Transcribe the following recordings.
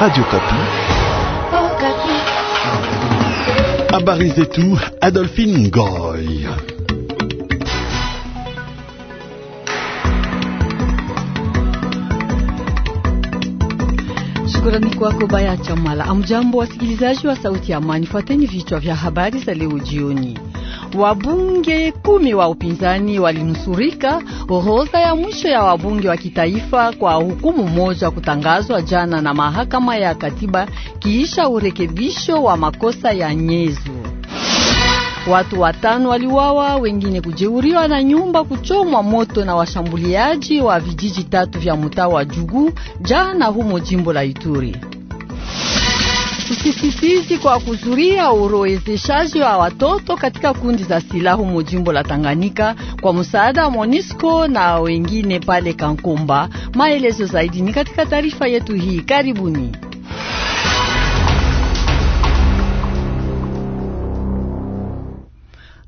Radio Kapi. Habari oh, zetu Adolphine Ngoy. Shukrani kwako Baya Chamala. Amjambo wasikilizaji wa Sauti ya Amani, fuateni vichwa vya habari za leo jioni. Wabunge kumi wa upinzani walinusurika. Orodha ya mwisho ya wabunge wa kitaifa kwa hukumu moja kutangazwa jana na mahakama ya katiba kiisha urekebisho wa makosa ya nyezo. Watu watano waliuawa, wengine kujeuriwa na nyumba kuchomwa moto na washambuliaji wa vijiji tatu vya mtaa wa Jugu jana humo jimbo la Ituri tukisisizi kwa kuzuria uroezeshaji wa watoto katika kundi za silahu mojimbo la Tanganyika kwa msaada wa Monisco na wengine pale Kankomba. Maelezo zaidi ni katika taarifa yetu hii, karibuni.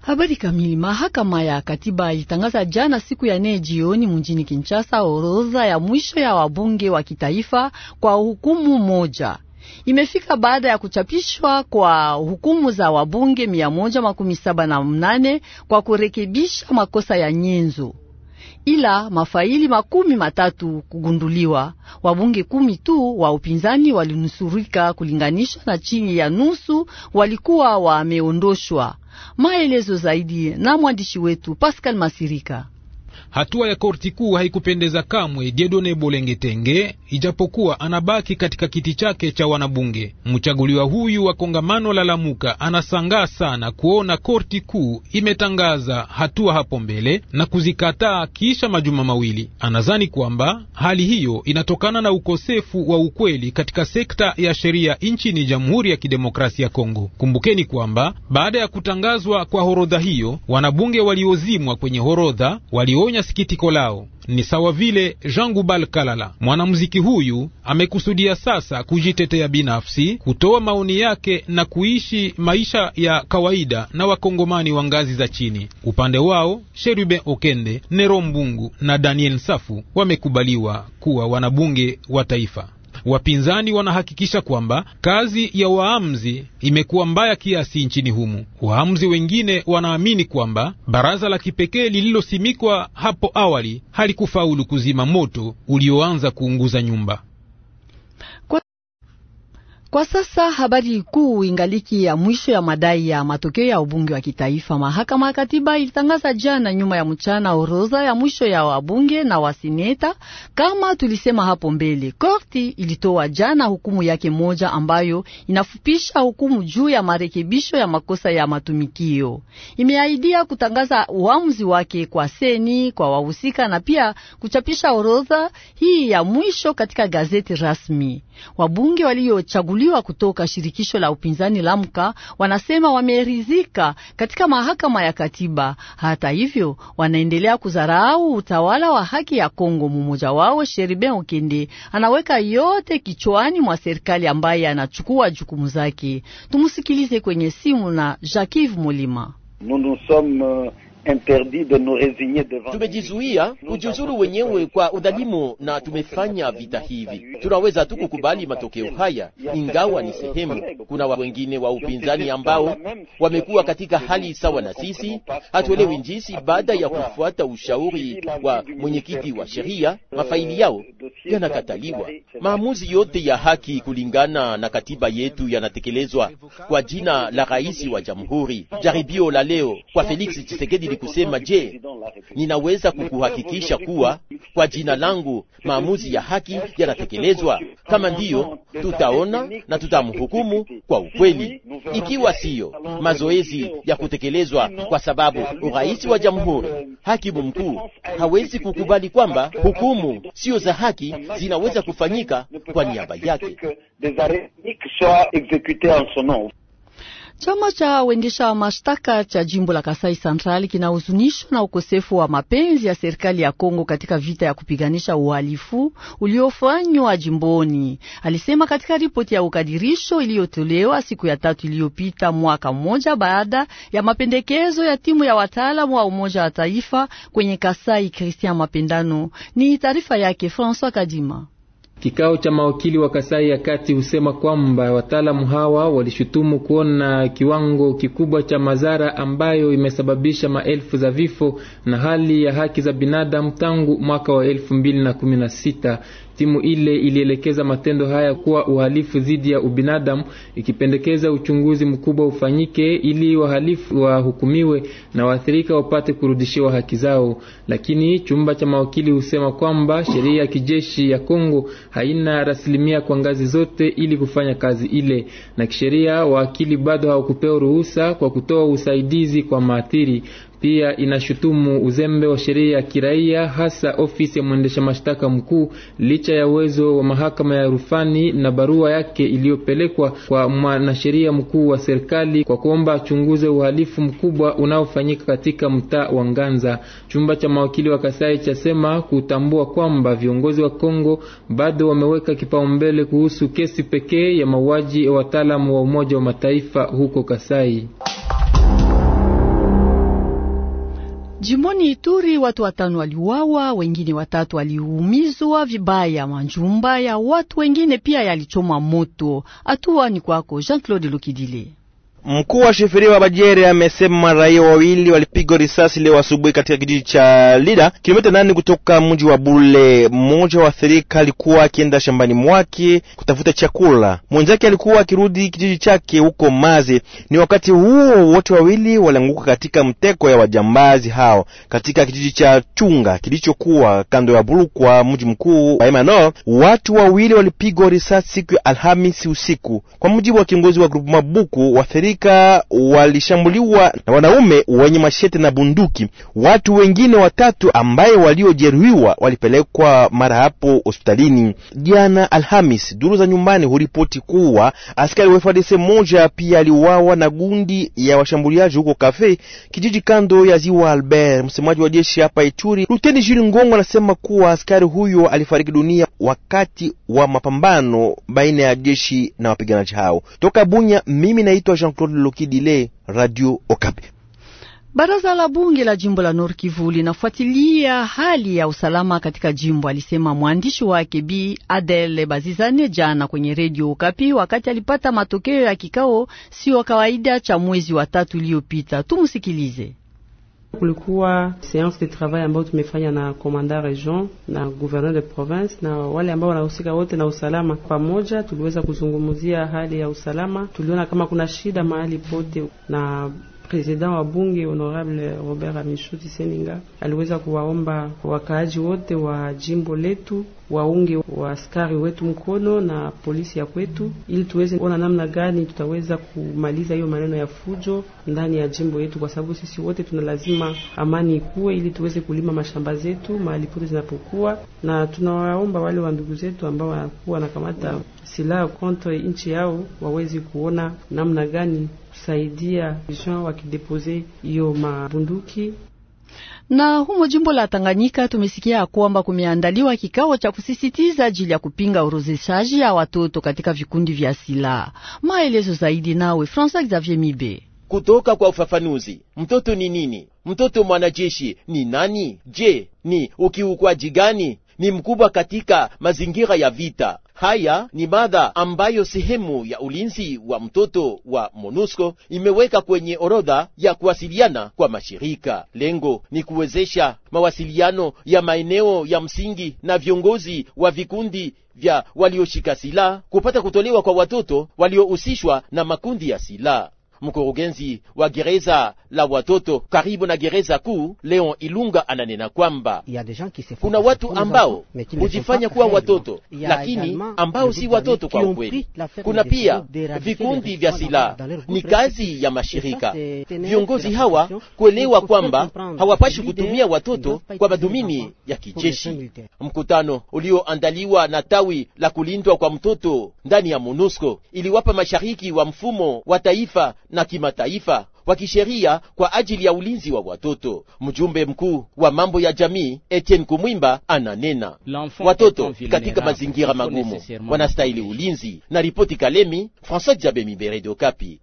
Habari kamili. Mahakama ya Katiba ilitangaza jana siku ya nne jioni mjini Kinshasa orodha ya mwisho ya wabunge wa kitaifa kwa hukumu moja imefika baada ya kuchapishwa kwa hukumu za wabunge 178 kwa kurekebisha makosa ya nyenzo, ila mafaili makumi matatu kugunduliwa. Wabunge kumi tu wa upinzani walinusurika kulinganishwa na chini ya nusu walikuwa wameondoshwa. Maelezo zaidi na mwandishi wetu Pascal Masirika. Hatua ya korti kuu haikupendeza kamwe Diedone Bolengetenge, ijapokuwa anabaki katika kiti chake cha wanabunge. Mchaguliwa huyu wa kongamano la Lamuka anasangaa sana kuona korti kuu imetangaza hatua hapo mbele na kuzikataa kisha majuma mawili. anazani kwamba hali hiyo inatokana na ukosefu wa ukweli katika sekta ya sheria nchini Jamhuri ya Kidemokrasia ya Kongo. Kumbukeni kwamba baada ya kutangazwa kwa horodha hiyo, wanabunge waliozimwa kwenye horodha walio kuonya sikitiko lao. Ni sawa vile Jean Gubal Kalala, mwanamuziki huyu amekusudia sasa kujitetea binafsi, kutoa maoni yake na kuishi maisha ya kawaida na wakongomani wa ngazi za chini. Upande wao, Sheruben Okende, Nero Mbungu na Daniel Safu wamekubaliwa kuwa wanabunge wa taifa wapinzani wanahakikisha kwamba kazi ya waamuzi imekuwa mbaya kiasi nchini humu. Waamuzi wengine wanaamini kwamba baraza la kipekee lililosimikwa hapo awali halikufaulu kuzima moto ulioanza kuunguza nyumba kwa kwa sasa habari kuu ingaliki ya mwisho ya madai ya matokeo ya ubunge wa kitaifa. Mahakama ya Katiba ilitangaza jana nyuma ya mchana orodha ya mwisho ya wabunge na wasineta. Kama tulisema hapo mbele, korti ilitoa jana hukumu yake moja ambayo inafupisha hukumu juu ya marekebisho ya makosa ya matumikio. Imeahidia kutangaza uamuzi wake kwa seni, kwa wahusika na pia kuchapisha orodha hii ya mwisho katika gazeti rasmi. Wabunge waliochaguliwa waliochaguliwa kutoka shirikisho la upinzani Lamka wanasema wameridhika katika mahakama ya katiba. Hata hivyo, wanaendelea kudharau utawala wa haki ya Kongo. Mmoja wao Sheriben Okende anaweka yote kichwani mwa serikali ambaye anachukua jukumu zake. Tumusikilize kwenye simu na Jacques Mulima. Tumejizuia ah, kujiuzuru wenyewe kwa udhalimu na tumefanya vita hivi. Tunaweza tu kukubali matokeo haya, ingawa ni sehemu. Kuna wengine wa upinzani ambao wamekuwa katika hali sawa na sisi. Hatuelewi jinsi baada ya kufuata ushauri wa mwenyekiti wa sheria mafaili yao yanakataliwa. Maamuzi yote ya haki kulingana na katiba yetu yanatekelezwa kwa jina la rais wa jamhuri. Jaribio la leo kwa Felix Tshisekedi ili kusema je, ninaweza kukuhakikisha kuwa kwa jina langu maamuzi ya haki yanatekelezwa? Kama ndiyo, tutaona na tutamhukumu kwa ukweli. Ikiwa siyo, mazoezi ya kutekelezwa, kwa sababu urais wa jamhuri, hakimu mkuu hawezi kukubali kwamba hukumu sio za haki zinaweza kufanyika kwa niaba yake. Chama cha wendesha wa mashtaka cha jimbo la Kasai Central kinahuzunishwa na ukosefu wa mapenzi ya serikali ya Kongo katika vita ya kupiganisha uhalifu uliofanywa jimboni, alisema katika ripoti ya ukadirisho iliyotolewa siku ya tatu iliyopita, mwaka mmoja baada ya mapendekezo ya timu ya wataalamu wa Umoja wa Taifa kwenye Kasai. Christian Mapendano, ni taarifa yake François Kadima. Kikao cha mawakili wa Kasai ya Kati husema kwamba wataalamu hawa walishutumu kuona kiwango kikubwa cha madhara ambayo imesababisha maelfu za vifo na hali ya haki za binadamu tangu mwaka wa elfu mbili na kumi na sita. Timu ile ilielekeza matendo haya kuwa uhalifu dhidi ya ubinadamu, ikipendekeza uchunguzi mkubwa ufanyike ili wahalifu wahukumiwe na waathirika wapate kurudishiwa haki zao. Lakini chumba cha mawakili husema kwamba sheria ya kijeshi ya Kongo haina rasilimia kwa ngazi zote ili kufanya kazi ile, na kisheria waakili bado hawakupewa ruhusa kwa kutoa usaidizi kwa maathiri. Pia inashutumu uzembe wa sheria ya kiraia, hasa ofisi ya mwendesha mashtaka mkuu, licha ya uwezo wa mahakama ya rufani na barua yake iliyopelekwa kwa mwanasheria mkuu wa serikali kwa kuomba achunguze uhalifu mkubwa unaofanyika katika mtaa wa Nganza. Chumba cha mawakili wa Kasai chasema kutambua kwamba viongozi wa Kongo bado wameweka kipaumbele kuhusu kesi pekee ya mauaji ya wataalamu wa Umoja wa Mataifa huko Kasai. Jimoni Ituri watu watano waliuawa, wengine watatu waliumizwa vibaya, majumba ya watu wengine pia yalichomwa moto. Hatua ni kwako Jean-Claude Lukidile. Mkuu wa sheferi wa Bajere amesema raia wawili walipigwa risasi leo asubuhi katika kijiji cha Lida, kilomita nane kutoka mji wa Bule. Mmoja wa athirika alikuwa akienda shambani mwake kutafuta chakula, mwenzake alikuwa akirudi kijiji chake huko Mazi. Ni wakati huo wote wawili walianguka katika mteko ya wajambazi hao katika kijiji cha Chunga kilichokuwa kando ya Bulu kwa mji mkuu wa Emano. Watu wawili walipigwa risasi siku ya Alhamisi usiku, kwa mujibu wa kiongozi wa grupu Mabuku wathirika kadhalika walishambuliwa na wanaume wenye mashete na bunduki. Watu wengine watatu ambaye waliojeruhiwa walipelekwa mara hapo hospitalini. Jana Alhamis, duru za nyumbani huripoti kuwa askari wa FARDC moja pia aliuawa na gundi ya washambuliaji huko Kafe, kijiji kando ya ziwa Albert. Msemaji wa jeshi hapa Ituri, Luteni Jili Ngongo, anasema kuwa askari huyo alifariki dunia wakati wa mapambano baina ya jeshi na wapiganaji hao. Toka Bunya, mimi naitwa Jean Claude Lokidile, Radio Okapi. Baraza la bunge la jimbo la Nord Kivu linafuatilia hali ya usalama katika jimbo, alisema mwandishi wake Bi Adele Bazizane jana kwenye redio Okapi wakati alipata matokeo ya kikao sio kawaida cha mwezi wa tatu uliopita. Tumsikilize. Kulikuwa seance de travail ambayo tumefanya na komanda region na gouverneur de province na wale ambao wanahusika wote na usalama. Pamoja tuliweza kuzungumzia hali ya usalama, tuliona kama kuna shida mahali pote na president wa bunge Honorable Robert Amishuti Seninga aliweza kuwaomba wakaaji wote wa jimbo letu waunge wa askari wetu mkono na polisi ya kwetu, ili tuweze kuona namna gani tutaweza kumaliza hiyo maneno ya fujo ndani ya jimbo yetu, kwa sababu sisi wote tuna lazima amani ikuwe, ili tuweze kulima mashamba zetu mahali pote zinapokuwa. Na tunawaomba wale wa ndugu zetu ambao wanakuwa wanakamata silaha konto nchi yao wawezi kuona namna gani kusaidia jean wakidepoze hiyo mabunduki na humo jimbo la Tanganyika tumesikia ya kwamba kumeandaliwa kikao cha kusisitiza ajili ya kupinga urozeshaji ya watoto katika vikundi vya silaha. Maelezo zaidi nawe Francois Xavier Mibe. Kutoka kwa ufafanuzi, mtoto ni nini? Mtoto mwanajeshi ni nani? Je, ni ukiukwaji gani? Ni mkubwa katika mazingira ya vita. Haya ni mada ambayo sehemu ya ulinzi wa mtoto wa MONUSCO imeweka kwenye orodha ya kuwasiliana kwa mashirika. Lengo ni kuwezesha mawasiliano ya maeneo ya msingi na viongozi wa vikundi vya walioshika silaha kupata kutolewa kwa watoto waliohusishwa na makundi ya silaha mkurugenzi wa gereza la watoto karibu na gereza kuu Leon Ilunga ananena kwamba kuna watu ambao hujifanya kuwa watoto lakini ambao si watoto kwa ukweli. Kuna pia vikundi vya silaha. Ni kazi ya mashirika viongozi hawa kuelewa kwamba hawapashi kutumia watoto kwa madhumini ya kijeshi. Mkutano ulioandaliwa na tawi la kulindwa kwa mtoto ndani ya MONUSCO iliwapa mashariki wa mfumo wa taifa na kimataifa wa kisheria kwa ajili ya ulinzi wa watoto. Mjumbe mkuu wa mambo ya jamii Etienne Kumwimba ananena watoto katika mazingira magumu wanastahili ulinzi. Na ripoti Kalemi, François Jabemi Beredo Kapi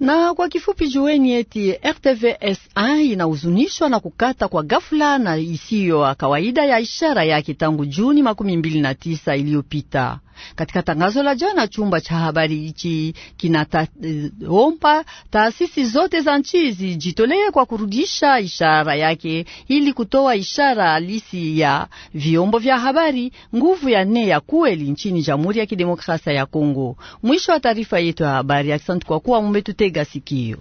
na kwa kifupi jueni eti rtvs inahuzunishwa na kukata kwa ghafla na isiyo ya kawaida ya ishara yake tangu Juni makumi mbili na tisa iliyopita. Katika tangazo la jana, chumba cha habari hichi kinaomba eh, taasisi zote za nchi zijitolee kwa kurudisha ishara yake ili kutoa ishara halisi ya vyombo vya habari, nguvu ya nne ya kweli nchini Jamhuri ya Kidemokrasia ya Kongo. Mwisho wa taarifa yetu ya habari. Asante kwa kuwa mumetutega sikio.